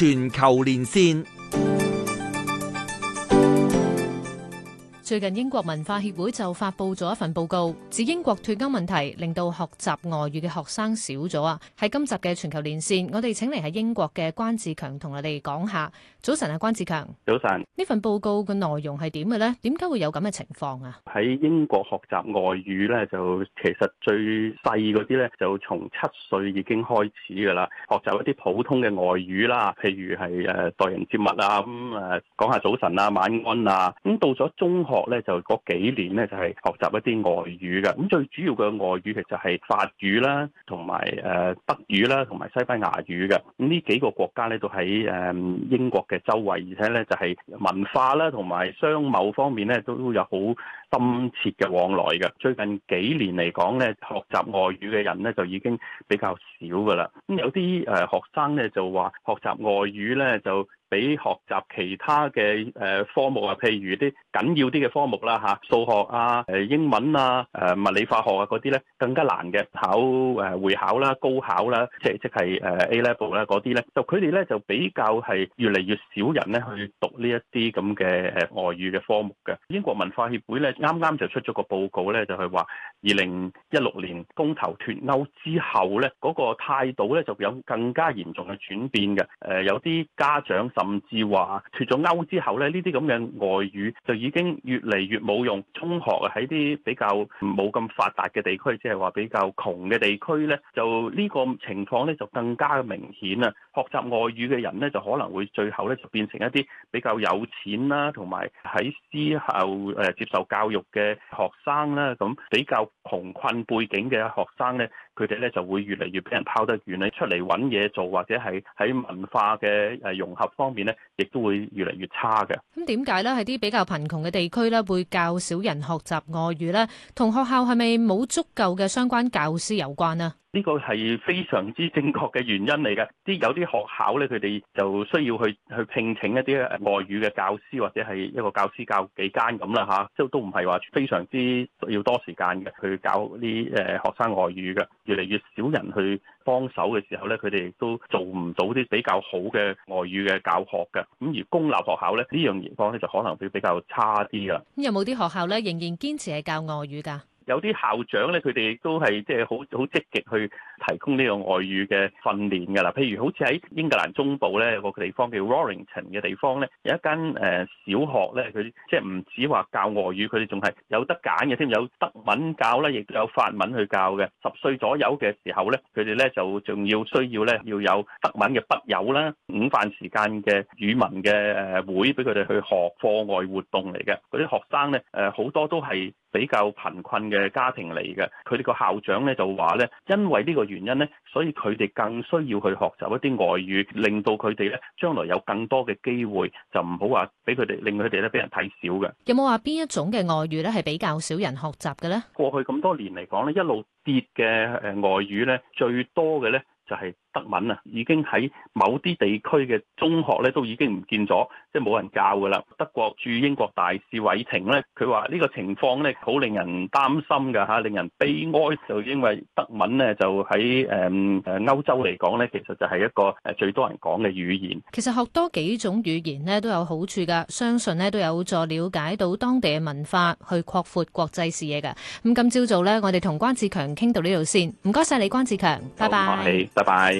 全球連線。最近英國文化協會就發布咗一份報告，指英國脫歐問題令到學習外語嘅學生少咗啊！喺今集嘅全球連線，我哋請嚟係英國嘅關志強同我哋講下。早晨啊，關志強。早晨。呢份報告嘅內容係點嘅呢？點解會有咁嘅情況啊？喺英國學習外語呢，就其實最細嗰啲呢，就從七歲已經開始噶啦，學習一啲普通嘅外語啦，譬如係誒待人接物啊，咁誒講下早晨啊、晚安啊，咁到咗中學，咧就嗰幾年咧就係學習一啲外語嘅，咁最主要嘅外語其實係法語啦，同埋誒德語啦，同埋西班牙語嘅。咁呢幾個國家咧都喺誒英國嘅周圍，而且咧就係文化啦同埋商貿方面咧都有好深切嘅往來嘅。最近幾年嚟講咧，學習外語嘅人咧就已經比較少㗎喇。咁有啲誒學生咧就話學習外語咧就，比學習其他嘅誒科目啊，譬如啲緊要啲嘅科目啦嚇，數學啊、誒英文啊、誒物理化學啊嗰啲咧更加難嘅，考誒會考啦、高考啦，即係即係誒 A level 啦嗰啲咧，就佢哋咧就比較係越嚟越少人咧去讀呢一啲咁嘅誒外語嘅科目嘅。英國文化協會咧啱啱就出咗個報告咧，就係話二零一六年公投脱歐之後咧，嗰個態度咧就有更加嚴重嘅轉變嘅。誒有啲家長。甚至話脱咗歐之後咧，呢啲咁嘅外語就已經越嚟越冇用。中學喺啲比較冇咁發達嘅地區，即係話比較窮嘅地區咧，就呢個情況咧就更加明顯啦。學習外語嘅人咧，就可能會最後咧就變成一啲比較有錢啦，同埋喺私校接受教育嘅學生啦，咁比較窮困背景嘅學生咧。佢哋咧就會越嚟越俾人拋得遠，你出嚟揾嘢做或者係喺文化嘅誒融合方面咧，亦都會越嚟越差嘅。咁點解咧？喺啲比較貧窮嘅地區咧，會較少人學習外語咧，同學校係咪冇足夠嘅相關教師有關啊？呢個係非常之正確嘅原因嚟嘅，啲有啲學校呢，佢哋就需要去去聘請一啲外語嘅教師或者係一個教師教幾間咁啦吓，即都唔係話非常之要多時間嘅去教啲誒學生外語嘅，越嚟越少人去幫手嘅時候呢，佢哋都做唔到啲比較好嘅外語嘅教學嘅，咁而公立學校呢，呢樣情況呢，就可能會比較差啲㗎。有冇啲學校呢，仍然堅持係教外語㗎？有啲校長咧，佢哋都係即係好好積極去提供呢個外語嘅訓練㗎啦。譬如好似喺英格蘭中部咧個地方叫 Rawington 嘅地方咧，有一間誒小學咧，佢即係唔止話教外語，佢哋仲係有得揀嘅添，有德文教啦，亦都有法文去教嘅。十歲左右嘅時候咧，佢哋咧就仲要需要咧要有德文嘅筆友啦，午飯時間嘅語文嘅誒會，俾佢哋去學課外活動嚟嘅。嗰啲學生咧，誒好多都係。比較貧困嘅家庭嚟嘅，佢哋個校長咧就話咧，因為呢個原因咧，所以佢哋更需要去學習一啲外語，令到佢哋咧將來有更多嘅機會，就唔好話俾佢哋令佢哋咧俾人睇少嘅。有冇話邊一種嘅外語咧係比較少人學習嘅咧？過去咁多年嚟講咧，一路跌嘅誒外語咧，最多嘅咧就係。德文啊，已經喺某啲地區嘅中學咧，都已經唔見咗，即係冇人教㗎啦。德國駐英國大使韋程咧，佢話呢個情況咧，好令人擔心㗎嚇，令人悲哀，就因為德文呢，就喺誒誒歐洲嚟講咧，其實就係一個誒最多人講嘅語言。其實學多幾種語言呢，都有好處㗎，相信呢，都有助了解到當地嘅文化，去擴闊國際視野㗎。咁今朝早咧，我哋同關志強傾到呢度先，唔該晒你，關志強，拜拜。拜拜。